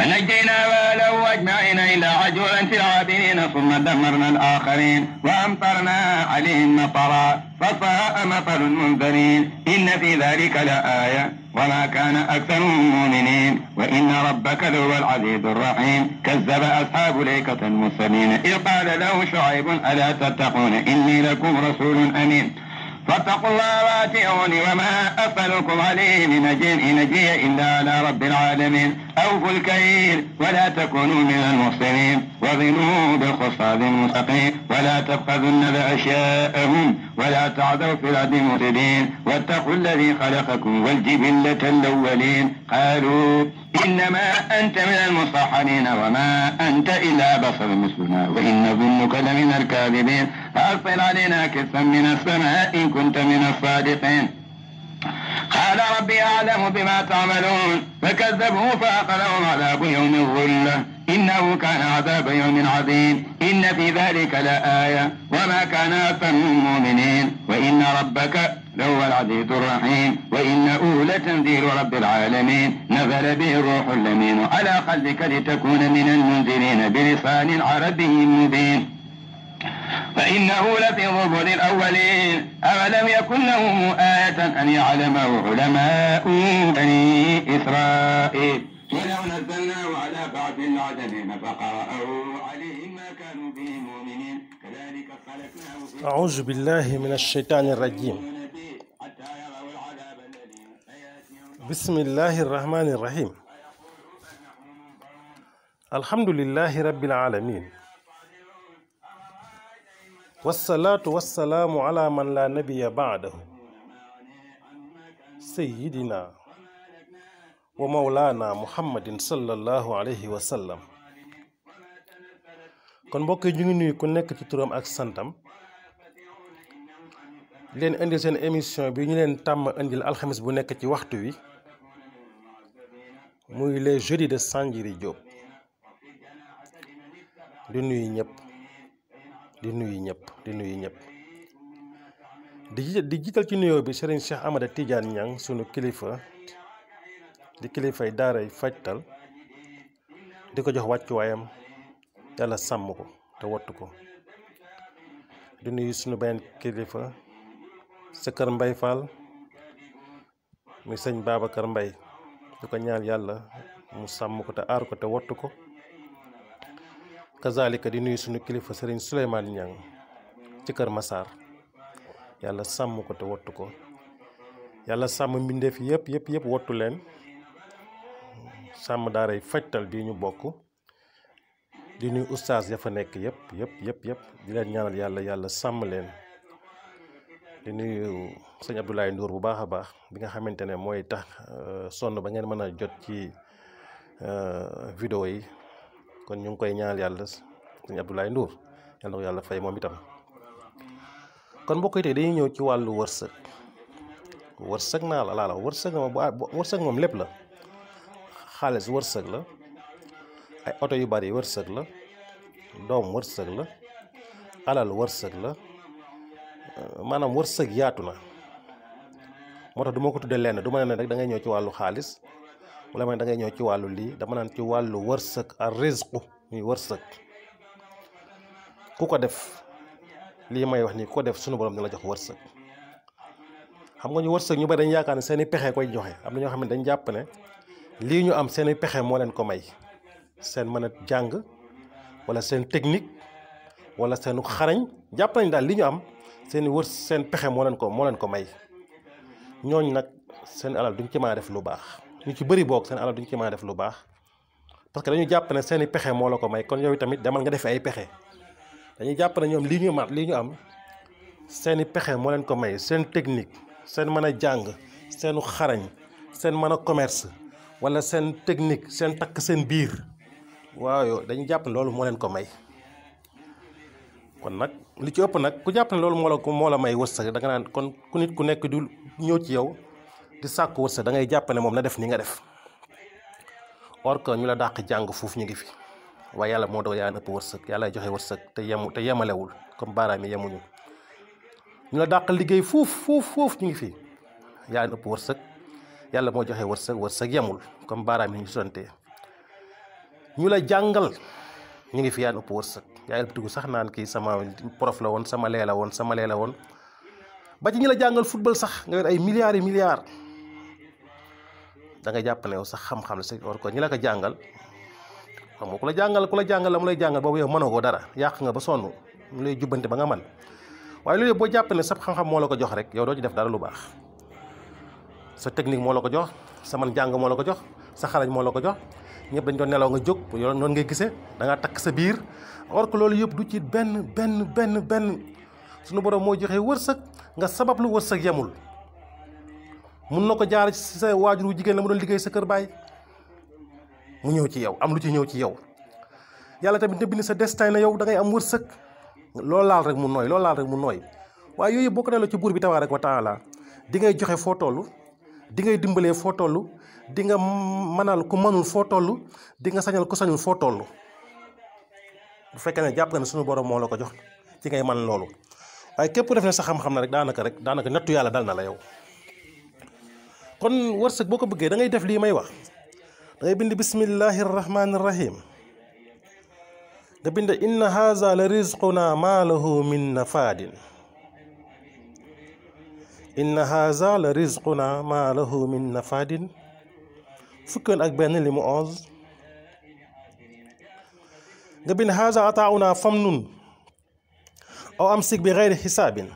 ونجينا وله أجمعين إلى عجولا في العابدين ثم دمرنا الآخرين وأمطرنا عليهم مطرا فصاء مطر المنذرين إن في ذلك لآية وما كان أكثرهم مؤمنين وإن ربك لهو العزيز الرحيم كذب أصحاب ليكة المرسلين إذ قال له شعيب ألا تتقون إني لكم رسول أمين فاتقوا الله واتعوني وما أسألكم عليه من أجل إن أجري إلا على رب العالمين أوفوا الكيل ولا تكونوا من المخسرين وظنوا بالخصاب المستقيم ولا تبخذوا النبع أشياءهم ولا تعذوا في الأرض مفسدين واتقوا الذي خلقكم والجبلة الأولين قالوا إنما أنت من المصحنين وما أنت إلا بصر مثلنا وإن ظنك لمن الكاذبين فأرسل علينا كسفا من السماء إن كنت من الصادقين قال ربي أعلم بما تعملون فكذبوه فأخذهم عذاب يوم الظلة إنه كان عذاب يوم عظيم إن في ذلك لآية وما كان أكثر مؤمنين وإن ربك لهو العزيز الرحيم وإنه لتنزيل رب العالمين نزل به الروح الأمين على قلبك لتكون من المنذرين بلسان عربي مبين وإنه لفي ضبر الأولين أولم يكن لهم آية أن يعلمه علماء بني إسرائيل ولو نزلناه على بعض العددين فقرأه عليهم ما كانوا به مؤمنين كذلك خلقناه أعوذ بالله من الشيطان الرجيم بسم الله الرحمن الرحيم الحمد لله رب العالمين والصلاة والسلام على من لا نبي بعده سيدنا ومولانا محمد صلى الله عليه وسلم كون بوك جيغي نوي كو نيك تي تورام لين اندي سين ايميسيون بي ني تام اندي الخميس بو نيك وقت وي موي لي جودي دو سانجيري جوب دي نيب di nuyu ñep di nuyu ñep di jiital ci nuyo bi Serigne Cheikh amadou Tidiane ñang sunu kilifa di daara yi fajtal di ko jox wayam yalla sam ko te wattu ko di nuyu sunu ben kilifa sa kër Mbay Fall mi serigne babakar Mbay di ko ñaan yalla mu sam ko te ar ko te ko kazalika di nuyu sunu kilifa serigne souleyman Niang ci keur Massar Yalla sam ko te wottu ko yàlla sàmm mbindeef yep yep yëpp wattu leen sàmm daaray fajtal bi ñu bokku di nuyu oustaz ya fa nek yep yep yep yep di len ñaanal yalla yalla sam len di nuyu serigne Abdoulaye Ndour bu baax bi nga xamantene moy tax euh, sonu ba ngeen mëna jot ci euh, video yi kon ñu ngi koy ñaanal yàlla sëñ Abdoulaye Ndour yàlla na ko yàlla fay moom itam kon mbokk yi tey dañuy ñëw ci wàllu wërsëg wërsëg naa la laala wërsëg moom bu moom lépp la xaalis wërsëg la ay yu bari wërsëg la doom wërsëg la alal wërsëg la euh, maanaam wërsëg yaatu na moo tax du ma ko tuddee lenn du ma ne rek dangay ñëw ci wàllu xaalis wala ma ne da ngay ñëw ci wàllu lii dama naan ci wàllu wërsëg ar rizqu muy wërsëg ku ko def lii may wax nii ku ko def sunu borom dina la jox wërsëg xam nga ñu wërsëg ñu bari dañ yaakaar ne seen i pexe koy joxe am na ñoo xam ne dañ jàpp ne lii ñu am seen i pexe moo leen ko may seen mën a jàng wala seen technique wala seen xarañ jàpp nañ daal li ñu am seen i seen pexe moo leen ko moo leen ko may ñooñ nag seen alal duñ ci mën def lu baax ñu ci bëri bok seen alal duñ ci mën def lu baax parce que dañu japp ne seen pexé mo la ko may kon yow tamit demal nga def ay pexé dañu japp ne ñom li ñu mat li ñu am seen pexé mo moo leen ko may seen technique seen mëna jang seen xarañ seen mëna commerce wala seen technique seen tak seen biir waaw yo dañu japp ne loolu mo leen ko may kon nak li ci upp nak ku japp ne loolu mo la ko mo la may wëssal da nga nan kon ku nit ku nekk du ñoo ci yow di sàkku wërsëg da ngay jàpp moom na def ni nga def or que ñu la dàq jàng foofu ñu ngi fi waaye yàlla moo doon yaa ëpp wërsëg yàlla joxe wërsëg te yemu te yemalewul comme baaraam yemuñu ñu dàq liggéey foofu ñu ngi fi yaa yàlla moo joxe wërsëg wërsëg yemul comme baaraam yi ñu sutantee ñu la jàngal ñu ngi fi yaa ëpp wërsëg yaa ëpp dugg sax naan kii sama prof la woon sama lee la woon sama lee la woon ba ci ñu jàngal football sax nga yor ay milliards. da nga japp ne yow sax xam-xam la sa war ko ñi la ko jangal xam ko la jangal ku la jangal la mu lay jàngal boobu yow manoko dara yàq nga ba sonu mu lay ba nga man way lu ne sab xam-xam mo la ko jox rek yow do ci def dara lu bax sa technique mo la ko jox sa man jang mo la ko jox sa xalañ mo la ko jox ñepp dañ doon nelaw nga jog non ngay gisse da nga tak sa bir or ko lolu du ci ben ben ben ben suñu borom mo joxe wërsek nga sabab lu wërsek yamul mun na ko jaar ci sa waajur wu jigéen la mu doon liggéey sa kër baay mu ñëw ci yow am lu ci ñëw ci yow yàlla tamit ne bind sa destin la yow da ngay am wërsëg loolu laal rek mu nooy loolu laal rek mu nooy waaye yooyu bokk na la ci buur bi tabaaraka wa taala di ngay joxe foo toll di ngay dimbalee foo tollu di nga mënal ku mënul foo toll di nga sañal ku sañul foo toll bu fekkee ne jàpp nga ne borom moo la ko jox ci ngay man loolu waaye képp def sa xam-xam rek daanaka rek daanaka nattu yàlla dal na la yow. kon wërsëg boo ko bëggee da ngay def lii may wax da ngay bind bismillahi rahmaani rahim nga bind inna haza la rizquna ma lahu min nafaadin inna haza la rizquna ma lahu min nafaadin fukkeel ak benn li mu onze nga bind haza ataauna fam nun aw amsik bi gayri xisaabin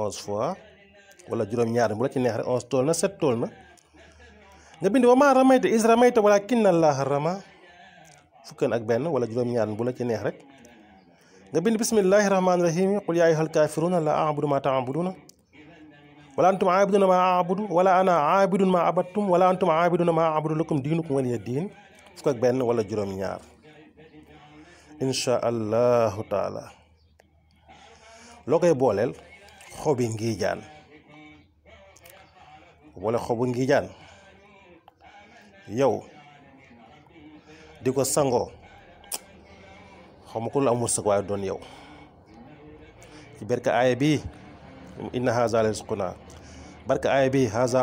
onze fois wala juróom-ñaar bu la ci neex rek onze tool na sept tool na nga bind wa maa ramayta is ramayta wala kinna allaha rama fukkan ak benn wala juróom-ñaar bu la ci neex rek nga bind bismillahi rahmaani rahim qul yaa ayyuhal kaafiruuna laa a'budu maa ta'buduuna wala antum aabiduuna maa a'budu wala ana aabidun maa abattum wala antum aabiduuna maa a'budu lakum diinukum waliya diin fukk ak benn wala juróom-ñaar incha allahu taala loo koy booleel xobi wala xobu ngijaan yow di ko sangoo xaw ma ku waaye doon yow ci barke aaya bi inna haza la risquna barke aaya bi haza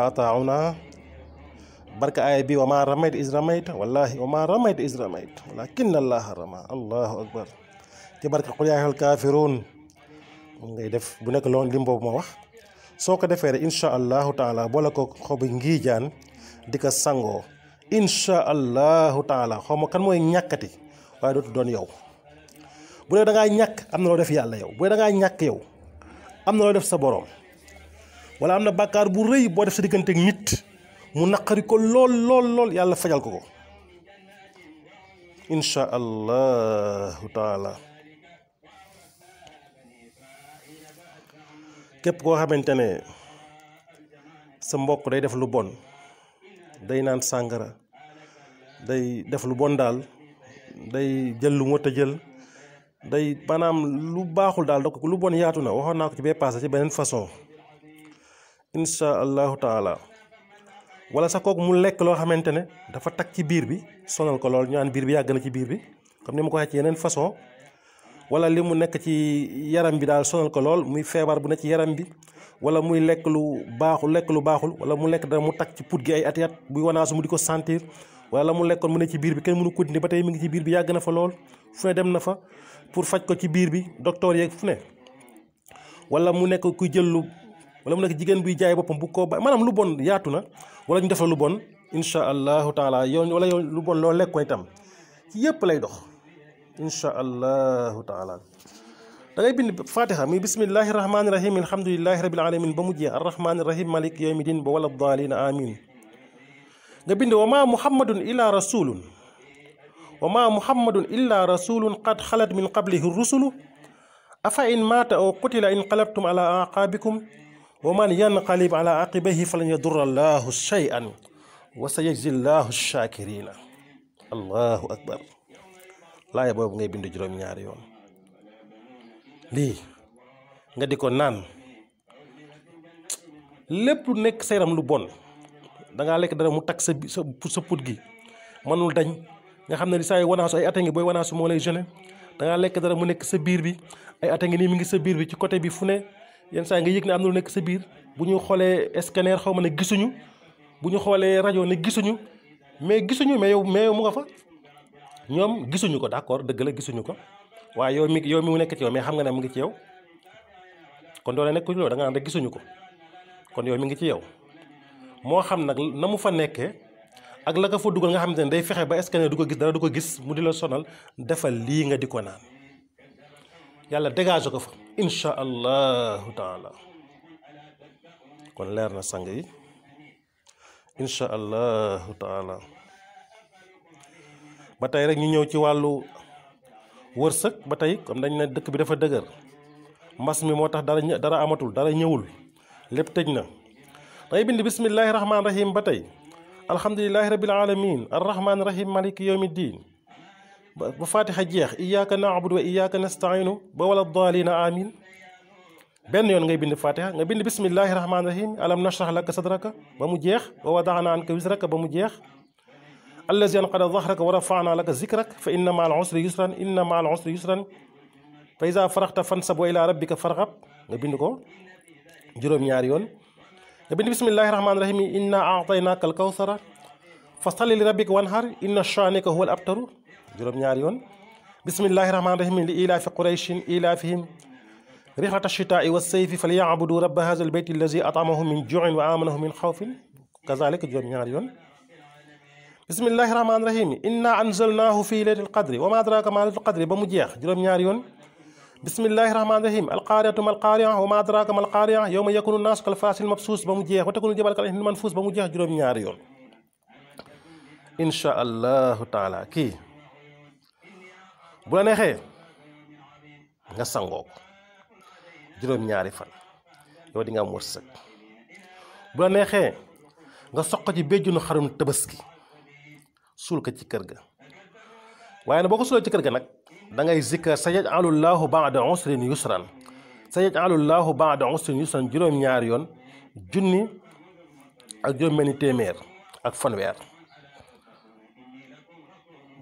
barka aaya bi wa ma ramayta is ramayta wallahi allahu akbar ci barka qul kaafiruun def bu nekk loon lim ma wax soo ko defee rek incha allahu taala boole ko xobi ngiijaan di ko sangoo incha allahu taala xaw ma kan mooy ñàkkati waaye dootu doon yow bu dee da ñàkk am na loo def yàlla yow bu dee da ngaa ñàkk yow am na loo def sa borom wala am na bàkkaar bu rëy boo def sa digganteeg nit mu naqari ko lool lool lool yàlla fajal ko ko incha allahu taala képp koo xamante ne sa mbokk day def lu bon day naan sàngara day def lu bon daal day jël lu mot a jël day maanaam lu baaxul daal donc lu bon yaatu na waxoon naa ko ci bee passé ci beneen façon insha allahu taala wala sa kooku mu lekk loo xamante ne dafa tag ci biir bi sonal ko lool ñaan biir bi yàgg na ci biir bi comme ni ma ko waxee ci façon wala li mu nekk ci yaram bi daal sonal ko lool muy feebar bu ne ci yaram bi wala muy lekk lu baaxul lekk lu baaxul wala mu lekk dara mu takk ci put gi ay at i at wanaasu mu di ko sentir wala la mu lekkoon mu ne ci biir bi kenn mënu continuer ba tey mi ngi ci biir bi yàgg na fa lool fu ne dem na fa pour faj ko ci biir bi docteur yeeg fu ne wala mu nekk kuy jël lu wala mu nekk jigéen buy jaay boppam bu ko ba maanaam lu bon yaatu na wala ñu defal lu bon incha allahu taala yow wala yow lu bon loo lekk ko itam yëpp lay dox. incha allahu taala da ngay bind fatiha muy bismillahi rahmaani rahim alhamdulilahi rabil alamin ba mu jee arrahmaani rahim malik yawmi din ba wala daalina amin nga bind wa maa muhammadun illa rasulun wa maa muhammadun illa rasulun qad xalat min qablihi rusulu afa in maata aw qutila inqalabtum ala aqaabikum wa man yanqalib ala aqibayhi falan yadurra allahu shay'an wa sayajzi allahu shakirina allahu akbar laaya boobu ngay bind juróom-ñaari yoon lii nga di ko naan lépp lu nekk sa yaram lu bon dangaa lekk dara mu takk sa sa sa put gi mënul dañ nga xam ne li saa yu wanaasu ay ata ngi booy wanaasu moo lay jeune dangaa lekk dara mu nekk sa biir bi ay ata ngi nii mi ngi sa biir bi ci côté bi fu ne yenn saa nga yëg ne am na lu nekk sa biir bu ñu xoolee scanner xaw ma ne gisuñu bu ñu xoolee rajo ne gisuñu mais gisuñu mais yow mais yow mu nga fa ñoom gisuñu ko d'accord dëgg la gisuñu ko waaye yow mi yow mi mu nekk ci yow mais xam nga ne mu ngi ci yow kon doo la nekk ci da naan rek gisuñu ko kon yow mi ngi ci yow moo xam nag na mu fa nekke ak la ko fa dugal nga xamante ne day fexe ba est du ko gis dara du ko gis mu di la sonal defal lii nga di ko naan yàlla dégage ko fa incha allahu taala kon leer na sang yi incha allahu taala ba tey rek ñu ñëw ci wàllu wërsëg ba tey comme dañ ne dëkk bi dafa dëgër mbas mi moo tax dara dara amatul dara ñëwul lépp tëj na day bind bismillahi rahmaani rahim ba tey alhamdulilahi rabil alamin arrahmaani rahim maliki yawmi diin ba faatixa jeex iyaaka naabudu wa iyaaka nastainu ba wala daalina amin benn yoon ngay bind faatixa nga bind bismillahi rahmaani rahim alam nashrah lakk sadraka ba mu jeex wa wadaana anka wisraka ba mu jeex الذي انقذ ظهرك ورفعنا لك ذكرك فان مع العسر يسرا ان مع العسر يسرا فاذا فرغت فانصب والى ربك فارغب نبينكو جروم ñaar يون بسم الله الرحمن الرحيم انا اعطيناك الكوثر فصلي لربك وانهر ان شانك هو الابتر جروم ñaar يون بسم الله الرحمن الرحيم الى في قريش الى فيهم ريحة الشتاء والصيف فليعبدوا رب هذا البيت الذي اطعمهم من جوع وامنهم من خوف كذلك جروم ñaar بسم الله الرحمن الرحيم إنا أنزلناه في ليلة القدر وما أدراك ما ليلة القدر ba mu jeex juróom-ñaari yoon bismillahi rahmaani rahim alqaariyatu ma alqaariya wa ma adraka ma alqaariya yawma yakunu naasu kal faasil mabsuus ba mu jeex wa takunu jibaalu kal ihni manfuus ba mu jeex juróom-ñaari yoon incha allahu taala kii bu la neexee nga sangoo ko juróom-ñaari fan yow di nga am wërsëg bu la neexee nga soq ci béjjunu xarum tabaski suul ko ci kër ga waaye na boo ko suulee ci kër ga nag dangay ngay zikkar sa yaj'alu llaahu ba'da usrin yusran sa yaj'alu llaahu ba'da juróom-ñaari yoon junni ak juróom-benni téeméer ak fanweer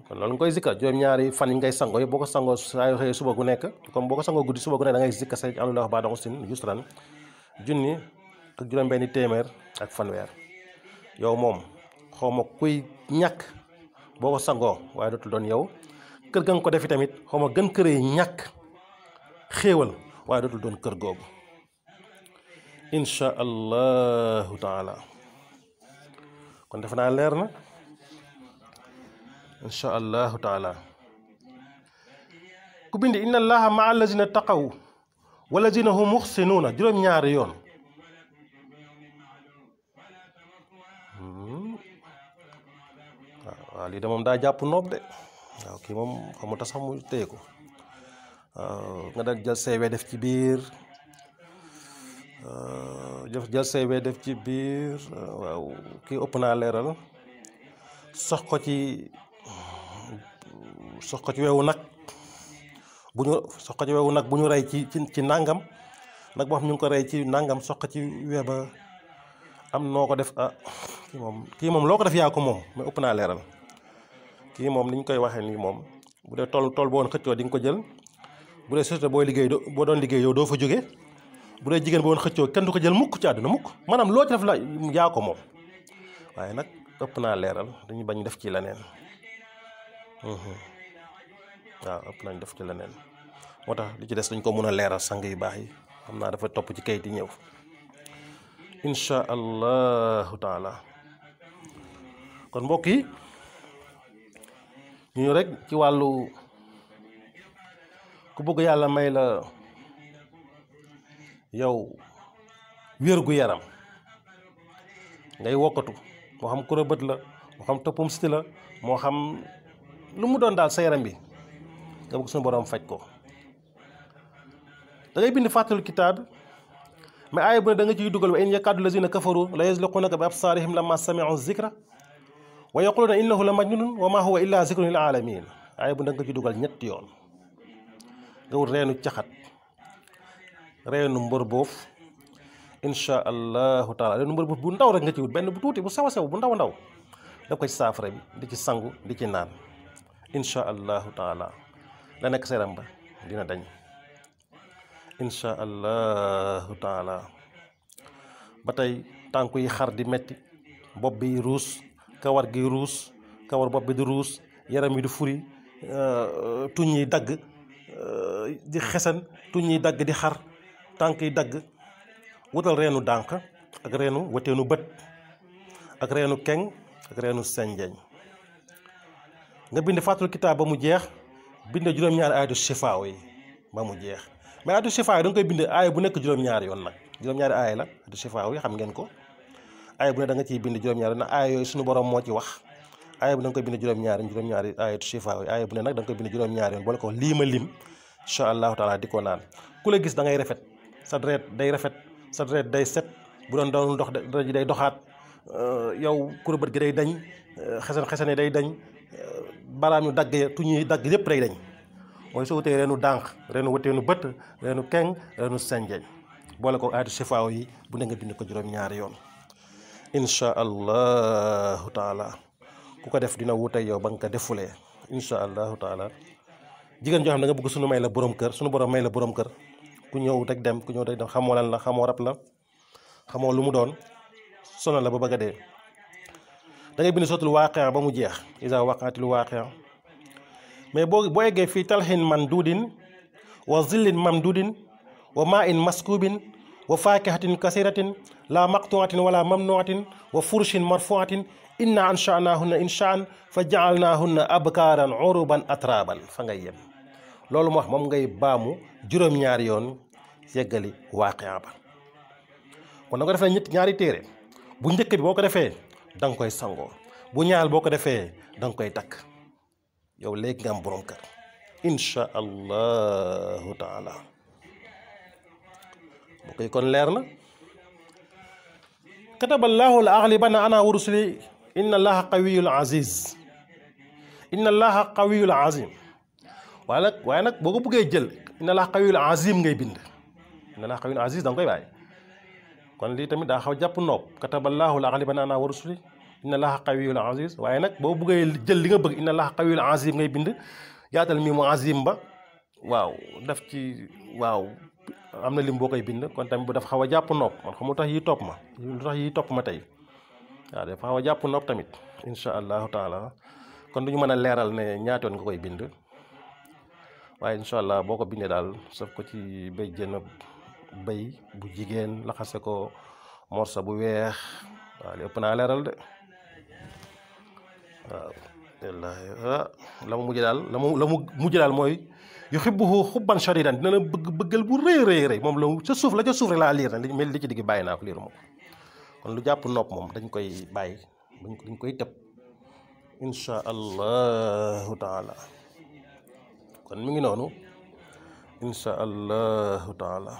kon loolu nga koy zikkar ñaari fan yi ngay sangoo yëpp boo ko sangoo saa yoo xëyee suba gu nekk comme boo ko sangoo guddi suba gu nekk da ngay zikkar sa ak juróom-benni fanweer yow moom xaw kuy ñàkk. boko sango waye dotul don yow keur ga ko defi tamit xoma gën këree ñak xéewal waye dotul don keur googu insha allah taala kon defe leer na insha allah taala ku bind inna allaha maa allazina taqaw wallazina hum muhsinuna juroom ñaar yoon waaw lii de moom daa jàpp noob de waaw kii moom xamu sax mu téye ko waaw nga daal jël say def ci biir jëf jël def ci biir waaw kii ëpp naa leeral sox ko ci sox ko ci wewu nag bu ñu nag bu ñu rey ci ci nàngam nag boo xam ñu ngi ko rey ci nangam sox ko ci we am noo ko def ah kii moom kii moom loo ko def yaa ko moom mais ëpp naa leeral kii moom ni ñu koy waxee nii moom bu dee tool tool boo woon xëccoo di nga ko jël bu dee société booy liggéey doo boo doon liggéey doo fa jóge bu dee jigéen boo woon xëccoo kenn du ko jël mukk ci àdduna mukk maanaam loo ci def la yaa ko moom nag ëpp naa leeral dañu bañ def ci leneen mhm. waaw ëpp nañ def ci leneen moo tax di ci des dañ ko mën a leeral sang yu baax yi xam naa dafa topp ci kayit yi ñëw incha allahu taala kon mbokk yi ñu rek ci wàllu ku bëgg yàlla may la yow wér gu yaram ngay wokkatu moo xam kurabët la moo xam toppum siti la moo xam lu mu doon daal sa yaram bi nga bëgg suñu borom faj ko da ngay bind fàttalu kitaab mais aaya bu ne da ciy dugal wa in yakadu lazina kafaru la yuzliqunaka bi absaarihim lamma sami'u zikra wa yaquluna innahu la majnun wa ma huwa illa zikrun lil alamin ay bu dang ko ci dugal ñett yoon nga wut reenu caxat reenu mbor boof insha allahu taala reenu mbor boof bu ndaw rek nga ci wut benn bu tuuti bu saw saw bu ndaw ndaw daf ko ci saafara bi di ci sangu di ci naan insha allahu taala la nekk seeram ba dina dañ insha allahu taala ba tey tànk xar di metti bopp bi ruus Kawar gi rus kawar bop bi di rus yaram euh, yi du furi tuñi dag, euh di xesan tuñi dag di xar tanki dag wutal reenu dank ak reenu wateenu bet ak reenu keng ak reenu senjeñ nga bind fatul kitab ba mu jeex bind juroom ñaar ayatu shifa way ba mu jeex mais ayatu shifa yi koy bind aaya bu nek juroom ñaar yon nak juroom ñaar la ayatu shifa way xam ngeen ko aaya bu ne da nga ciy bind juróom-ñaari na aaya yooyu suñu borom moo ci wax aaya bu ne da koy bind juróom-ñaari juróom-ñaari aayatu shifa yooyu aaya bu ne nag da nga koy bind juróom-ñaari yoon boole ko liima lim incha allahu taala di ko naan ku la gis dangay rafet sa deret day rafet sa deret day set bu doon doon dox deret ji day doxaat euh, yow kurbët gi day dañ euh, xesan xesane day dañ euh, balaam ñu dagg ya tuñuy dagg yépp day dañ mooy soo wutee reenu dànq reenu wuteenu bët reenu keng reenu senjeñ boole ko aatu sifaaw yi bu ne nga bind ko juróom-ñaari yoon insha allah taala ku ko def dina wuta yow bang ka ko insha allah taala jigen jo xam da nga bëgg suñu may la borom kër suñu borom may la borom kër ku ñëw rek dem ku ñëw rek dem xamoo lan la xamoo rap la xamoo lu mu doon sonal la ba bëgg dé da ngay bind sotul waqi'a ba mu jeex iza waqatil waqi'a mais bo bo yegge fi talhin mandudin wa zillin mamdudin wa ma'in maskubin وفاكهة كثيرة لا مقطوعة ولا ممنوعة وفرش مرفوعة إنا أنشأناهن إنشاء فجعلناهن أبكارا عربا أترابا فنغيم لولو مخ موم غاي بامو جوروم ñaar yoon yeggali waqi'a ba kon nga defé ñet ñaari téré bu ñëk bi boko defé dang koy sango bu ñaal boko defé dang koy tak yow legi nga am borom kër insha Allah ta'ala ok kon leer na kataballaahu la axlibanna ana wa rusuli inna allaha qawiyul aziz inna allaha qawiyul azim waaye nag waaye nag boo ko bëggee jël inna allaha qawiyul azim ngay bind inna allaha qawiyul aziz da nga koy bàyyi kon lii tamit daa xaw jàpp noob kataballaahu la axlibanna ana wa rusuli inna allaha qawiyul aziz waaye nag boo bëggee jël li nga bëgg inna allaha qawiyul azim ngay bind yaatal mi mu azim ba waaw daf ci waaw am na lim boo koy bind kon tamit bu dafa xaw a jàpp nopp man xam lu tax yi topp ma yi topp ma tey waaw dafa xaw a jàpp nopp tamit incha allahu taala kon du ñu mën a leeral ne ñaatoon nga koy bind waaye incha allah boo ko bindee daal saf ko ci béy jën bu jigéen laxase ko morsa bu weex waaw naa leeral de waaw wallaahi ah, la mu mujj daal la mu la mu mujj daal mooy yu xibbuhu xubban shadidan dina la bëgg bëggal bu rëy rëy moom la ca suuf la ca suuf rek laa liir na mais li ci digg bàyyi naa ko lu jàpp nopp moom dañ koy bàyyi dañ koy tëb insha allahu taala kon mu ngi noonu insha allahu taala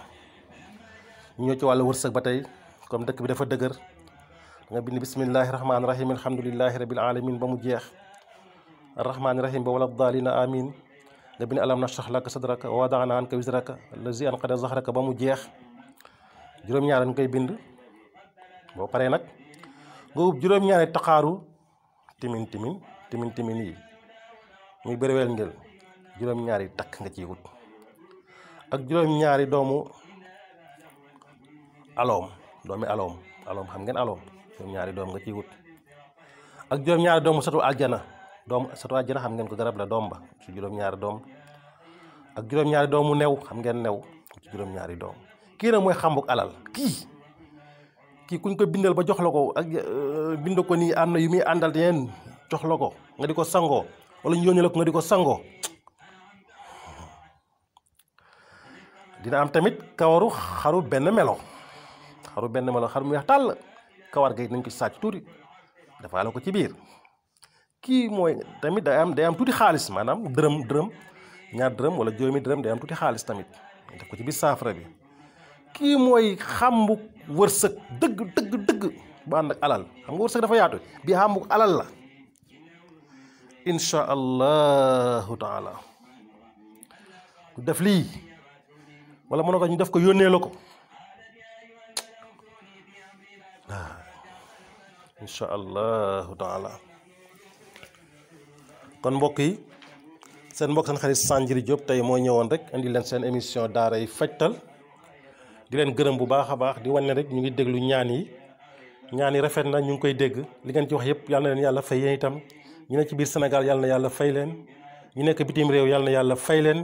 ñu ci wàllu wërsëg ba tey comme dëkk bi dafa dëgër nga bind bismillahi rahmaani rahim alhamdulillahi rabbil alamin ba mu jeex arrahmaani rahim ba wala daalina amin rabbina alam nashrah laka sadraka wa wada'na anka wizraka allazi anqada zahraka ba mu jeex juróom-ñaar dañ koy bind boo paree nag nga wub juróom-ñaari taxaaru timin timin timin timin yi muy bërëweel ngel juróom takk nga ciy ak juróom-ñaari doomu aloom doomi aloom aloom xam ngeen aloom ñaari doom nga ciy ak juróom-ñaari doomu satu aljana dom satu aljana xam ngeen ko garab la doom ba ci juróom-ñaari dom ak juróom-ñaari doomu new xam ngeen new ci juróom-ñaari dom ki na mooy xambuk alal ki ki kuñ ko bindal ba jox lako ak eh, bind ko ni am na yu jox lako nga di sango wala ñu yónni nga diko sango dina am tamit kawaru xaru ben melo xaru ben melo xaru mu weex tal kawar gay nañ ko sacc touri dafa la ko ci bir kii mooy tamit day am day am tuuti xaalis maanaam dërëm dërëm ñaar dërëm wala juróomi dërëm day am tuuti xaalis tamit def ko ci biir saafara bi kii mooy xàmbu wërsëg dëgg dëgg dëgg bu ànd ak alal xam nga wërsëg dafa yaatu bi xàmbu alal la insha allahu taala ku lii wala mën ñu def ko yónnee la ko waaw kon mbokk yi seen mbokk seen xarit sanjiri job tey moo ñëwoon rek indi leen seen émission yi fajtal di leen gërëm bu baax a baax di wane rek ñu ngi déglu ñaan yi ñaan yi rafet na ñu ngi koy dégg li ngeen ci wax yëpp yal na leen yàlla fay yéen itam ñu ne ci biir Sénégal yal na yàlla fay leen ñu nekk bitim réew yal na yàlla fay leen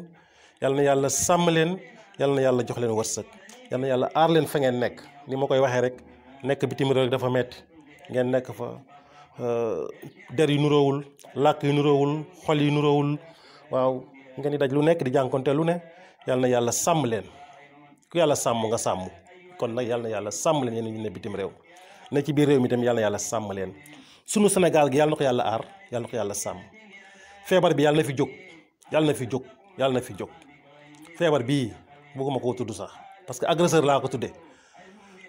yal na yàlla sàmm leen yal na yàlla jox leen wërsëg yal na yàlla aar leen fa ngeen nekk ni ma koy waxee rek nekk bitim réew dafa metti ngeen nekk fa Euh, der yu nuroowul làkk yu nuroowul xol yu nuroowul waaw nga ni daj lu nekk di jànkonte lu ne yàlla na yàlla sàmm leen ku yàlla sàmm nga sàmm kon nag yàlla yàlla sàmm leen ne bitim réew ne ci biir réew mi tamit yàlla yàlla sàmm leen sunu Sénégal gi yàlla na ko yàlla aar yàlla na ko yàlla sàmm feebar bi yàlla na fi jóg yàlla na fi jóg yàlla na fi jóg feebar bii bëgguma koo tudd sax parce que agresseur laa ko tuddee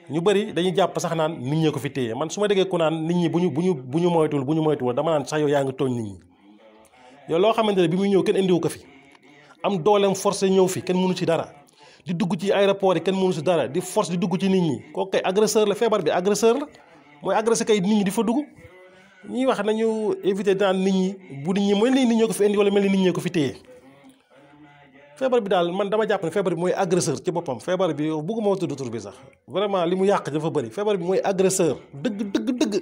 ñu bëri dañuy jàpp sax naan nit ñee ko fi téye man su ma déggee ku naan nit ñi bu ñu bu ñu bu ñu moytuwul bu ñu moytuwul dama naan sax yow yaa ngi tooñ nit ñi yow loo xamante ne bi muy ñëw kenn indiwu ko fi am dooleem forcé ñëw fi kenn mënu ci dara di dugg ci aéroport yi kenn mënu si dara di force di dugg ci nit ñi kooku kay agresseur la feebar bi agresseur la mooy agressé kay nit ñi di fa dugg ñuy wax nañu éviter daan nit ñi bu nit ñi mel ni ñoo ko fi mel ni nit ñee ko fi feebar bi daal man dama jàpp ne feebar bi mooy agresseur ci boppam feebar bi bëgguma ma tudd tur bi sax vraiment li mu yàq dafa bëri feebar bi mooy agresseur dëgg dëgg dëgg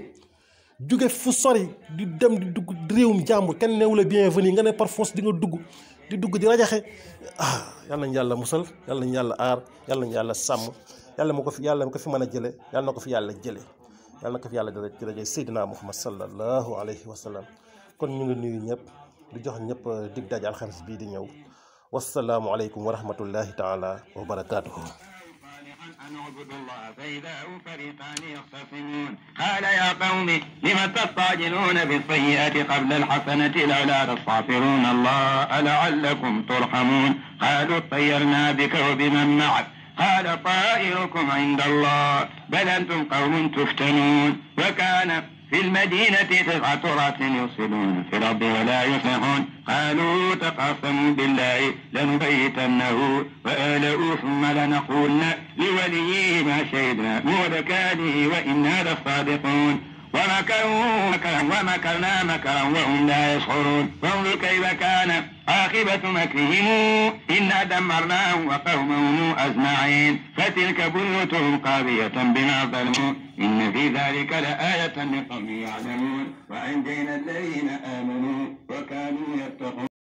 jóge fu sori di dem di dugg réewum jàmbur kenn new la bienvenu nga ne par force di nga dugg di dugg di rajaxe ah yàlla nañ yàlla musal yàlla nañ yàlla aar yàlla nañ yàlla sàmm yàlla ma ko fi yàlla ma ko fi mën a jële yàlla na ko fi yàlla jële yàlla na ko fi yàlla jële ci rajo Seydina Muhammad sallallahu alayhi wa sallam kon ñu ngi nuyu ñëpp di jox ñëpp euh, dig daje alxames bii di ñëw والسلام عليكم ورحمة الله تعالى وبركاته قال يا قوم لم تستعجلون بالسيئة قبل الحسنة لولا تستغفرون الله لعلكم ترحمون قالوا اطيرنا بك وبمن معك قال طائركم عند الله بل أنتم قوم تفتنون وكان في المدينة تسعة رأس يصلون في الأرض ولا يصلحون قالوا تقاسم بالله لنبيتنه وآله ثم لنقولن لوليه ما شهدنا بوذكانه وإنا لصادقون ومكروا مكرا ومكرنا مكرا وهم لا يشعرون فانظر كيف كان عاقبة مكرهم إنا دمرناهم وقومهم أجمعين فتلك بيوتهم قاضية بما ظلموا إن في ذلك لآية لقوم يعلمون وأنجينا الذين آمنوا وكانوا يتقون